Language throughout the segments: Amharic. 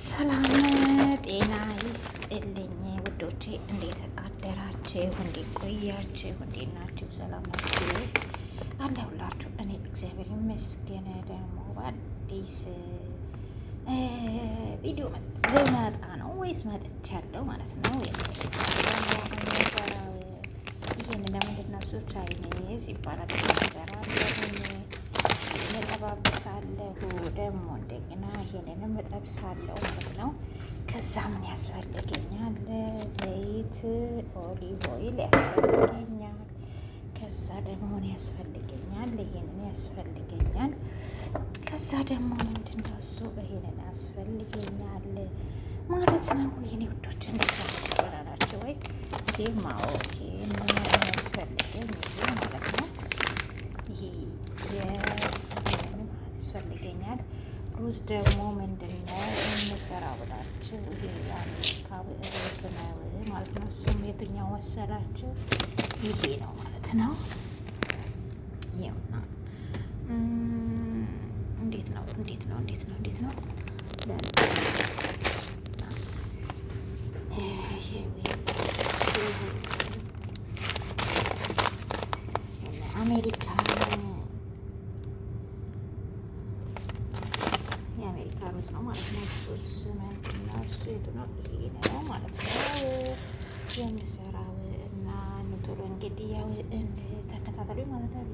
ሰላም ጤና ይስጥልኝ ውዶቼ፣ እንዴት አደራችሁ? እንዴት ቆያችሁ? እንዴት ናችሁ? ሰላም አለሁላችሁ። እኔ እግዚአብሔር ይመስገን። ደግሞ በአዲስ ቪዲዮ ልመጣ ነው ወይስ መጥቻለሁ ማለት ነው። ይህን ለምንድን ነው እሱ ቻይኔዝ ይባላል። ሰራ ለጠባብሳለሁ ደግሞ እንደገና ይሄንንም እጠብሳለሁ ማለት ነው። ከዛ ምን ያስፈልገኛል? ዘይት ኦሊቭ ኦይል ያስፈልገኛል። ከዛ ደግሞ ምን ያስፈልገኛል? ይሄንን ያስፈልገኛል። ከዛ ደግሞ ምንድን ነው እሱ ይሄንን ያስፈልገኛል ማለት ነው። የኔ ውዶች እንደተባላችሁ ወይ ይሄ ይህ ምን ያስፈልገኝ ማለት ነው። ይሄ ያስፈልገኛል ሩዝ ደግሞ ምንድን ነው የምሰራ ብላችሁ ይሄ የአሜሪካ ሩዝ ነው ማለት ነው። እሱም የትኛው መሰላችሁ? ይሄ ነው ማለት ነው። ይኸውና እንዴት ነው እንዴት ነው እንዴት ነው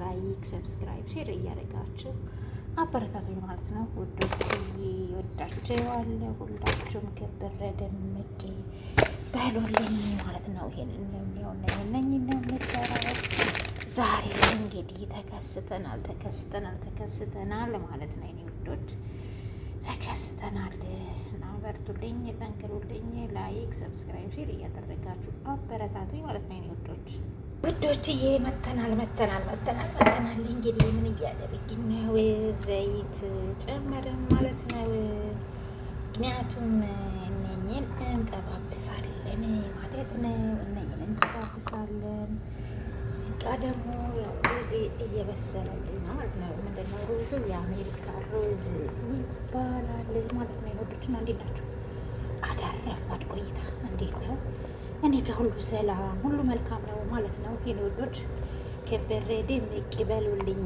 ላይክ፣ ሰብስክራይብ፣ ሼር እያደረጋችሁ አበረታቶች ማለት ነው። ውዶች ወዳቸዋለሁ። ሁላችሁም ከበረ ደምቄ በሎልኝ ማለት ነው። ይሄን እነኝ ነው የምሰራው ዛሬ እንግዲህ ተከስተናል፣ ተከስተናል፣ ተከስተናል ማለት ነው። እኔ ውዶች ተከስተናል። በርቱልኝ፣ ጠንክሩልኝ። ላይክ፣ ሰብስክራይብ፣ ሼር እያደረጋችሁ አበረታቱኝ ማለት ነው የእኔ ውዶች ውዶችዬ መተናል መተናል መተናል መተናል። እንግዲህ ምን እያደረግን ነው? ዘይት ጨመርን ማለት ነው። ምክንያቱም እነኝን እንጠባብሳለን ማለት ነው። እነኝን እንጠባብሳለን። እዚጋ ደግሞ ያው ሩዝ እየበሰለልኝ ማለት ነው። ምንድነው ሩዙ? የአሜሪካ ሩዝ ማለት ነው። የወዶችና እንዴት ናቸው? አዳረፋድ ቆይታ እንዴት ነው? እኔ ጋር ሁሉ ሰላም፣ ሁሉ መልካም ነው ማለት ነው። የኔ ወዶች ከበሬ ይበሉልኝ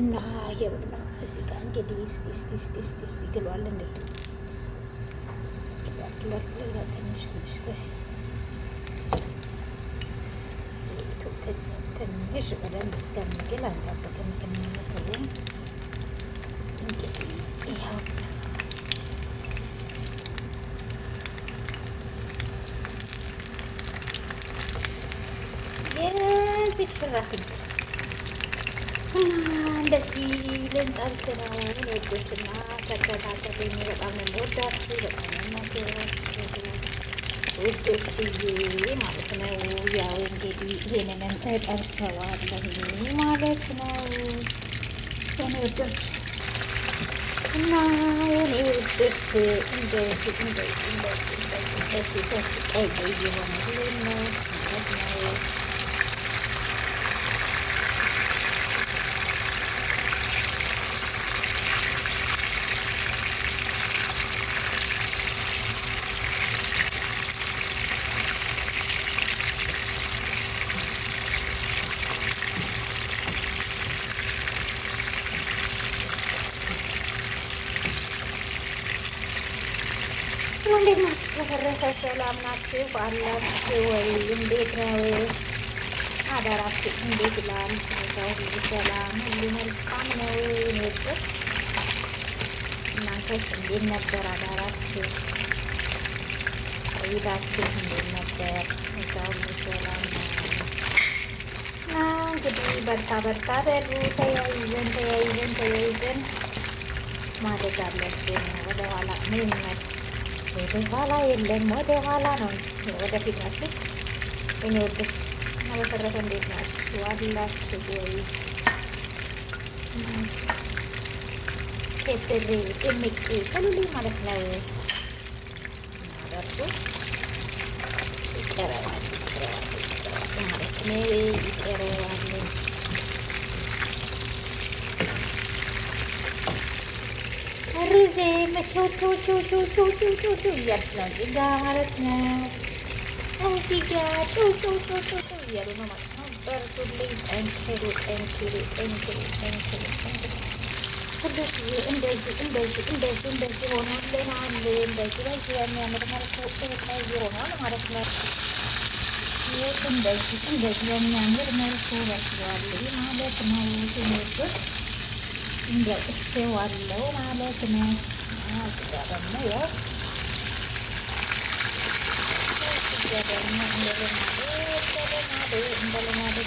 እና የውና እዚህ እንግዲህ ስቲ ግሏል እንዴ ትንሽ ትንሽ ትንሽ በደንብ እስከሚግል ምክንያቱ አትግዙ እና እንደዚህ ልንጠብስ ነው ወዶችና ተከታተሉኝ። በጣም ነው የምወዳችሁ፣ በጣም ውዶችዬ ማለት ነው። ያው እንግዲህ ይህንንም እጠብሰዋለሁ ማለት ነው የኔ ውዶች እና የኔ ውዶች እንደዚህ እንደዚህ እንደዚህ እንደዚህ እንደዚህ ቀይ የሆነ ነው ማለት ነው። ሰላም ናችሁ አላችሁ ወይ? እንዴት ነው አዳራችሁ? እንዴት ይላል ሁኔታው? ሁሉ ሰላም፣ ሁሉ መልካም ነው? ንወጥር እናንተስ እንዴት ነበር አዳራችሁ? ቆይታችሁ እንዴት ነበር? እዛ ሁሉ ሰላም ነው እና እንግዲህ በርታ በርታ በሉ። ተያይዘን ተያይዘን ተያይዘን ማደግ አለብን። ወደኋላ ምን ወደኋላ የለም፣ ወደኋላ ነው ወደፊት ናችሁ። እኔ ወደፊት እና በተረፈ እንዴት ናችሁ አላችሁ ወይ? ኬጥሬ ጭምቂ ቅሉል ማለት ነው ማደርጉ ይቀረዋል ማለት ነው ይቀረዋል زي ما تو تو تو تو تو تو تو تو يا سلام Aziga, tu tu tu tu tu. Yarın ama kadar tutlayın. Enkeri, enkeri, enkeri, enkeri, enkeri. Kıdırcı, indeci, indeci, indeci, indeci. Onu lenanlı, indeci. Ben güvenmeyemedim. Arası öğretmeyi onu alım arasına. Indeci, indeci, önlemleri. Mersu ve kıyarlı. İmalet, mavuz, indeci. ዋለው ። ማለት ነው። እዚጋ ደግሞ ያው እዚጋ ደግሞ እንደለማደ እንደለማደ እንደለማደ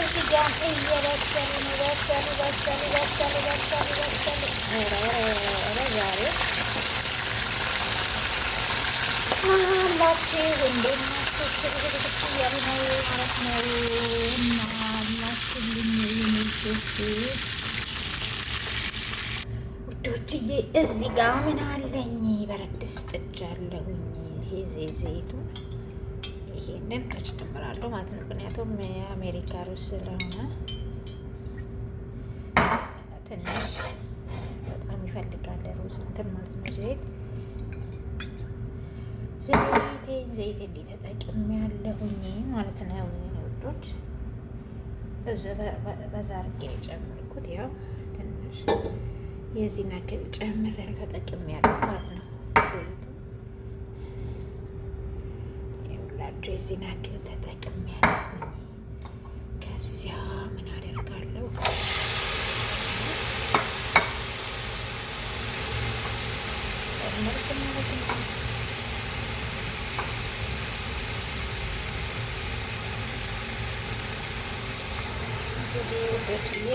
እዚጋ እየበሰሉ ነው። በሰሉ በሰሉ በሰሉ በሰሉ በሰሉ ኧረ ዛሬ አላችሁ እንዴት ውዶችዬ እዚህ ጋ ምን አለኝ? በረድ ድስት ጥጃለሁኝ። ይሄ ዘይቱ ይሄንን ቀጭ ትምራለሁ ማለት ነው። ምክንያቱም የአሜሪካ ሩዝ ስለሆነ ትንሽ በጣም ይፈልጋል ሩዝ እንትን ማለት ነው ዘይት ዘይቴን ዘይቴ ያለሁኝ ማለት ነው። ውዶች በዛ አድርጌ የጨመርኩት ያው ትንሽ የዚህ ተጠቅም ያለሁ ማለት ነው። ዘይቱ የዚህ ተጠቅም ያለሁኝ። ከዚያ ምን አደርጋለሁ? ማለት ነው በስዬ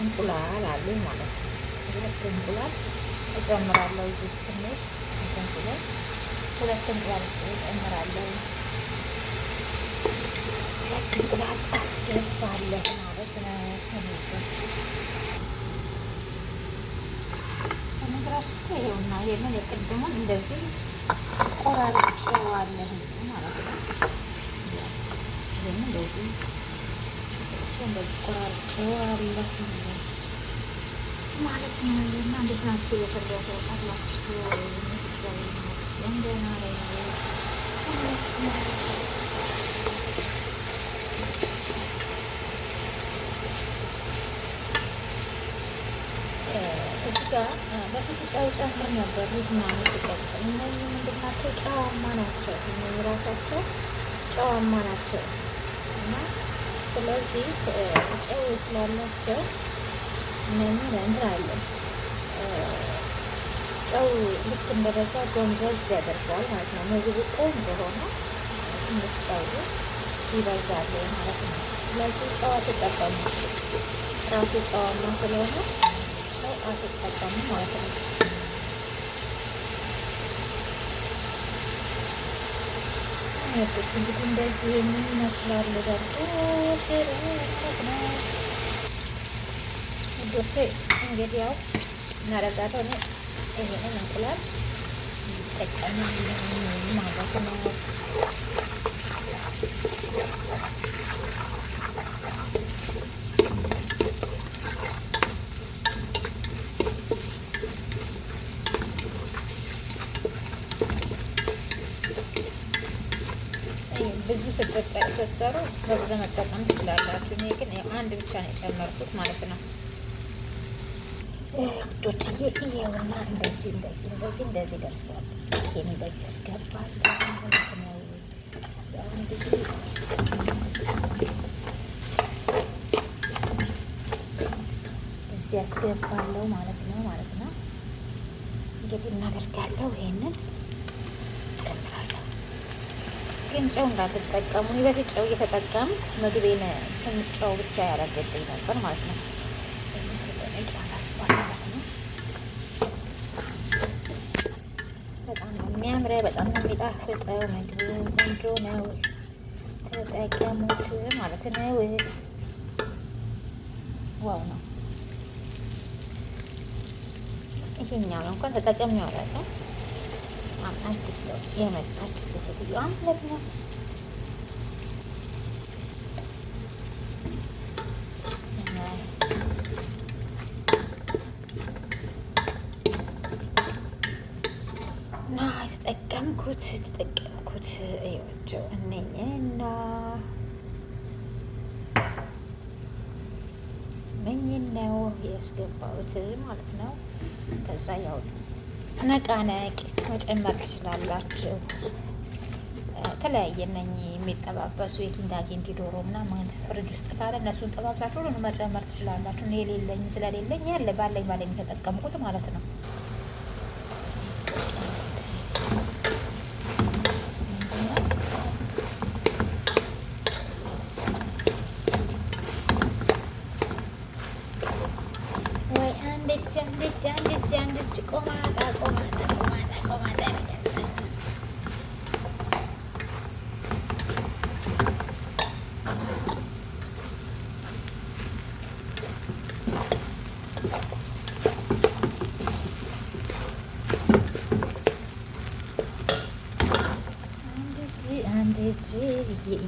እንቁላል አሉኝ ማለት ነው። ሁለት እንቁላል እጨምራለሁ። እዚህ ትንሽ እንትን ሲለኝ ሁለት እንቁላል አስገባለሁ ማለት ነው። ነገራችሁ ይሄውና የቅድሙን እንደዚህ አቆራርጬዋለሁ ማለት ነው። ደግሞ እንደዚህ ቆራርጬዋለሁ ማለት ነው። እንዴት ናችሁ? የፈለገው አላችሁ እንደና እዚህ ጋር በፊት ጨው ጨምር ነበር ሩዝ ምናምን ሲቀቅል። እነዚህ ምንድን ጨዋማ ናቸው። እነዚህ ራሳቸው ጨዋማ ናቸው እና ስለዚህ ጨው ስላላቸው እነዚህ እንትን ጨው ልክ እንደበዛ ጎምዘዝ ያደርጋል ማለት ነው። ምግቡ ቆንጆ ሆኖ ትንሽ ጨው ይበዛል ማለት ነው። ስለዚህ ጨዋ ተጠቀሙ። ራሱ ጨዋማ ስለሆነ masuk ke kamu mau apa? Ini tuh tunjukin baju masalah lebar tuh seru banget. Udah sih, enggak dia. Nada datu ini, ini kan yang apa በጣም ስትሰሩ በብዙ መጠቀም ትችላላችሁ። እኔ ግን አንድ ብቻ ነው የጨመርኩት ማለት ነው። ውዶችዬ ይኸውና እንደዚህ እንደዚህ እንደዚህ እንደዚህ ደርሷል። ይሄን እንደዚህ ያስገባል። እዚህ ያስገባለው ማለት ነው ማለት ነው። እንግዲህ እናደርጋለው ይሄንን ግን ጨው እንዳትጠቀሙ። እኔ በፊት ጨው እየተጠቀም ምግቤን ትንሽ ጨው ብቻ ያረገብኝ ነበር ማለት ነው። በጣም ነው በጣም የሚጣፍጠው። ምግብ ቆንጆ ነው፣ ተጠቀሙት ማለት ነው። ዋው ነው ይሄኛው ነው እንኳን ተጠቀምነው አላውቅም በጣም አዲስ ለውጥ የመጣች ሴትዮዋ ማለት ነው። እና የተጠቀምኩት የተጠቀምኩት እያቸው እነኝና እነኝን ነው ያስገባሁት ማለት ነው ከዛ ያወጡት ነቃነቅ መጨመር ትችላላችሁ። የተለያየ እነኚህ የሚጠባበሱ የኪንዳ ኪንዲ ዶሮ ምናምን ፍሪጅ ውስጥ ካለ እነሱን ጠባብሳችሁ ሁሉንም መጨመር ትችላላችሁ። እኔ የሌለኝ ስለሌለኝ ያለ ባለኝ ባለኝ የተጠቀምኩት ማለት ነው። ye ye.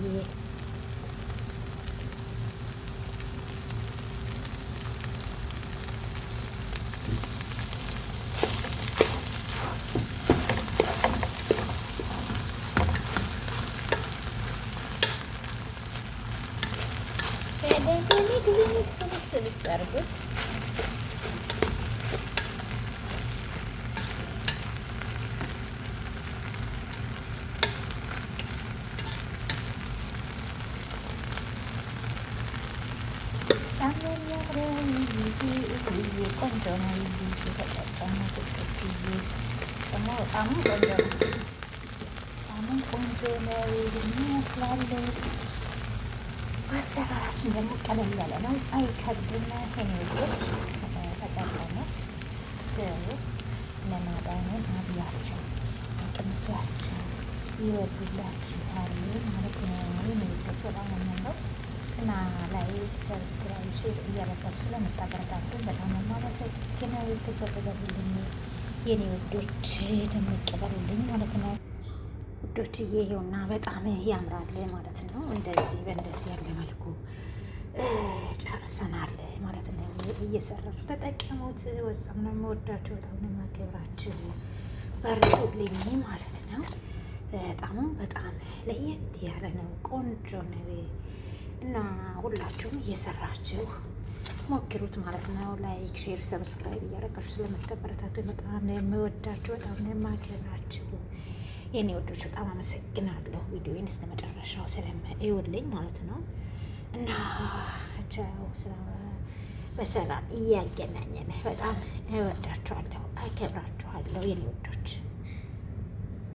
They, they, they make, they make so much በጣም ቆንጆ ነው። በጣም ቆንጆ ነው ይመስላል። አሰራራችን ደግሞ ቀለል ያለ ነው፣ አይከብድም። ሄኔዎች ተጠቀሙ ስሩ ለማዳንን አብያቸው ቅምሷቸው ይወዱላችኋል ማለት ነው። ሚቶች በጣም የምንለው እና ላይ ሰብስክራይብ ሼር እያደረጋችሁ ስለምታበረታቱን በጣም የማመሰግነው። ኢትዮጵያ የኔ ውዶች ደመቅ ማለት ነው ውዶች። ይሄውና በጣም ያምራል ማለት ነው። እንደዚህ በእንደዚህ ያለ መልኩ ጨርሰናል ማለት ነው። እየሰራችሁ ተጠቀሙት። ወዛም ነው የምወዳችሁ፣ በጣም ነው የማከብራችሁ። በርቱልኝ ማለት ነው። በጣም በጣም ለየት ያለ ነው፣ ቆንጆ ነው እና ሁላችሁም እየሰራችሁ ሞክሩት ማለት ነው። ላይክ ሼር፣ ሰብስክራይብ እያረጋችሁ ስለምትበረታቱ በጣም ነው የምወዳችሁ፣ በጣም ነው የማከብራችሁ። የኔ ወዶች በጣም አመሰግናለሁ። ቪዲዮን እስከ መጨረሻው ስለምእዩልኝ ማለት ነው እና ቻው በሰላም እያገናኘን በጣም እወዳችኋለሁ፣ አከብራችኋለሁ የኔ ወዶች።